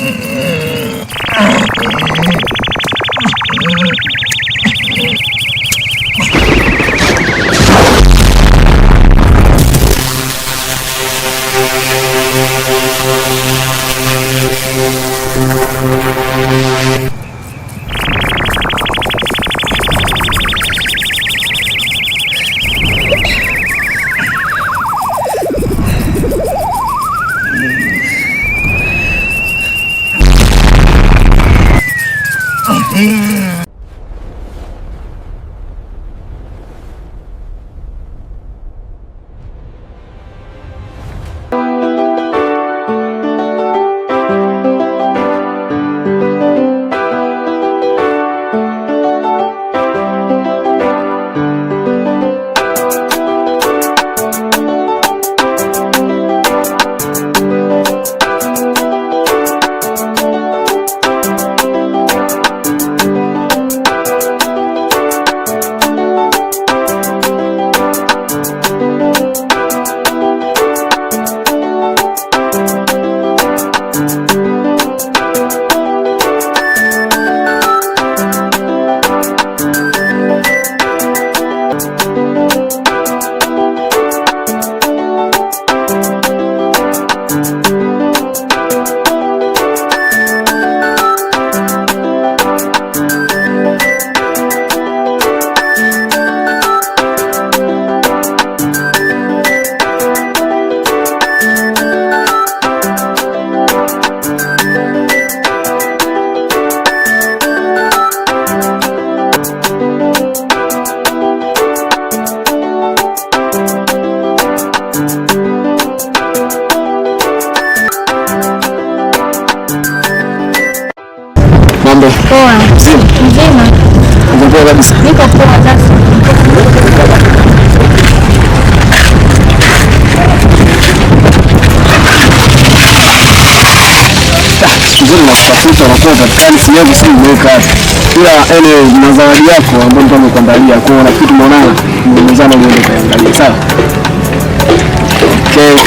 Mm-hmm. Poa. Mzima? Mzima. Uko kabisa? Niko poa sasa. Shughuli za kutafuta unakuwa upatikani sijui vizuri umeweka wapi. Ila ene na zawadi yako ambayo ndio nimekuandalia kwa na kitu tumeonana nimezana uende kaangalia sawa. Okay.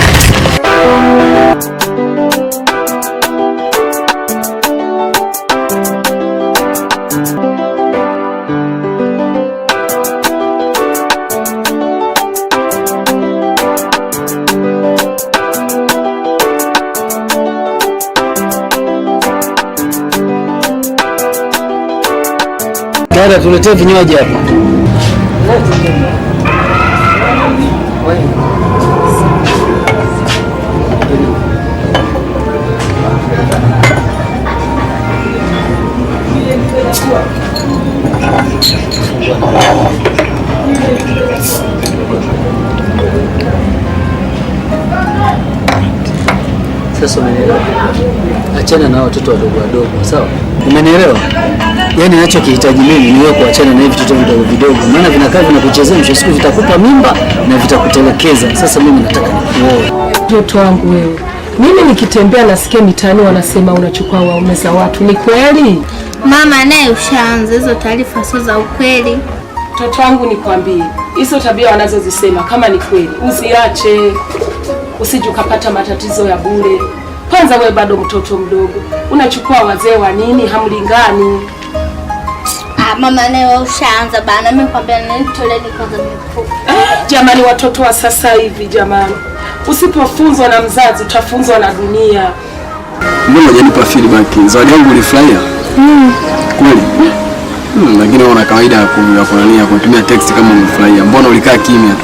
Dada, tuletee vinywaji hapa. Sasa achana na watoto wadogo wadogo, sawa? Umenielewa? Yaani ninachokihitaji mimi ni wewe kuachana na hivi vitu vidogo vidogo, maana vinakaa vinakuchezemsha, siku vitakupa mimba na vitakutelekeza. Sasa mimi nataka nikuoe mtoto wangu wewe. Mimi nikitembea nasikia mitaani wanasema unachukua waume za watu, ni kweli? Mama naye ushaanza hizo taarifa, sio za ukweli. Mtoto wangu, nikwambie hizo tabia wanazozisema kama ni kweli uziache, usije ukapata matatizo ya bure. Kwanza wewe bado mtoto mdogo, unachukua wazee wa nini? Hamlingani. Ah, mama leo ushaanza bana. Mimi kwambia nitoleni kwanza mifuko. Eh, jamani watoto wa sasa hivi jamani. Usipofunzwa na mzazi utafunzwa na dunia. Mbona hujanipa feedback? Zawadi yangu ulifurahia? Mm. Kweli. Mm. Hmm, lakini una kawaida ya kunania kutumia text kama umefurahia. Mbona ulikaa kimya tu?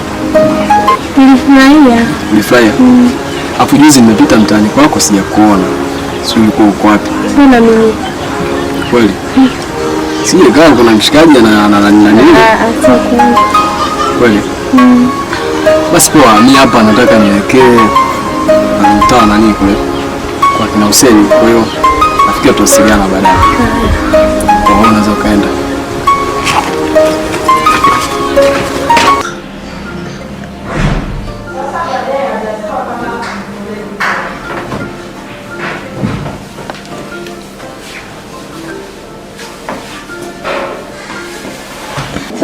Nilifurahia. Nilifurahia. Mm. Hapo juzi nimepita mtaani kwako sijakuona. Sio uko uko wapi? Bila mimi. Kweli? Sije kama kuna mshikaji na na nini? Ah, ah, kweli? Mm. Basi poa, mimi hapa nataka nielekee mtaa nani kule kwa kina Huseni. Kwa hiyo nafikia tutawasiliana baadaye. Ah. Kwa hiyo unaweza ukaenda.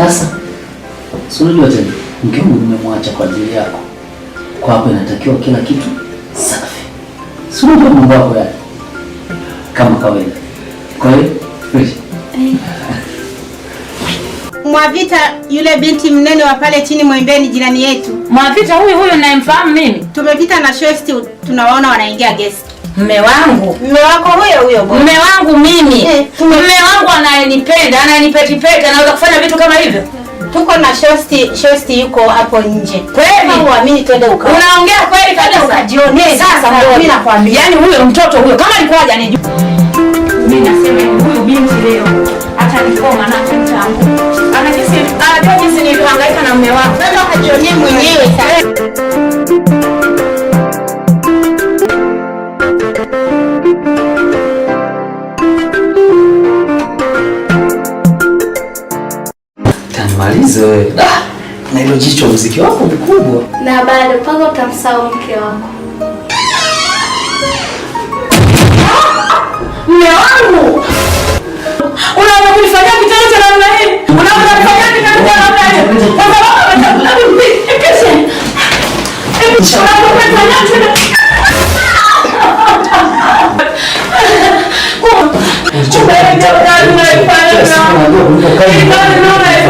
Sasa si unajua tena, mke wangu nimemwacha kwa ajili yako. kwa hapo inatakiwa kila kitu safi, si unajua mambo yako yale kama kawaida. Kwa hiyo Mwavita yule binti mnene wa pale chini Mwembeni, jirani yetu. Mwavita huyu huyu ninayemfahamu mimi. Tumepita na shift, tunawaona wanaingia guest. Mme wangu. Mme wako huyo huyo. Mme wangu mimi. Eh, Mme wangu anayenipenda, anayenipetipeta, anaweza kufanya vitu kama hivyo. Tuko na shosti, shosti yuko hapo nje. Kweli? Huamini twende uka. Unaongea kweli kabisa. Ukajionee sasa ndio mimi nakwambia. Yaani huyo mtoto huyo kama alikuwa hajanijua. Mimi nasema huyo binti leo atanigoma na kitambo. Anajisi, anajua jinsi nilivyohangaika na mume wangu. Sasa kajionee mwenyewe sasa. Malizo Ah, na hilo jicho mziki wako mkubwa. Na bado panga utamsahau mke wako. Mume wangu. Unaweza kunifanyia kitendo cha namna hii? Unaweza kunifanyia kitendo cha namna hii? Kwa sababu umechagua mimi. Kesho. Kwa sababu umechagua mimi.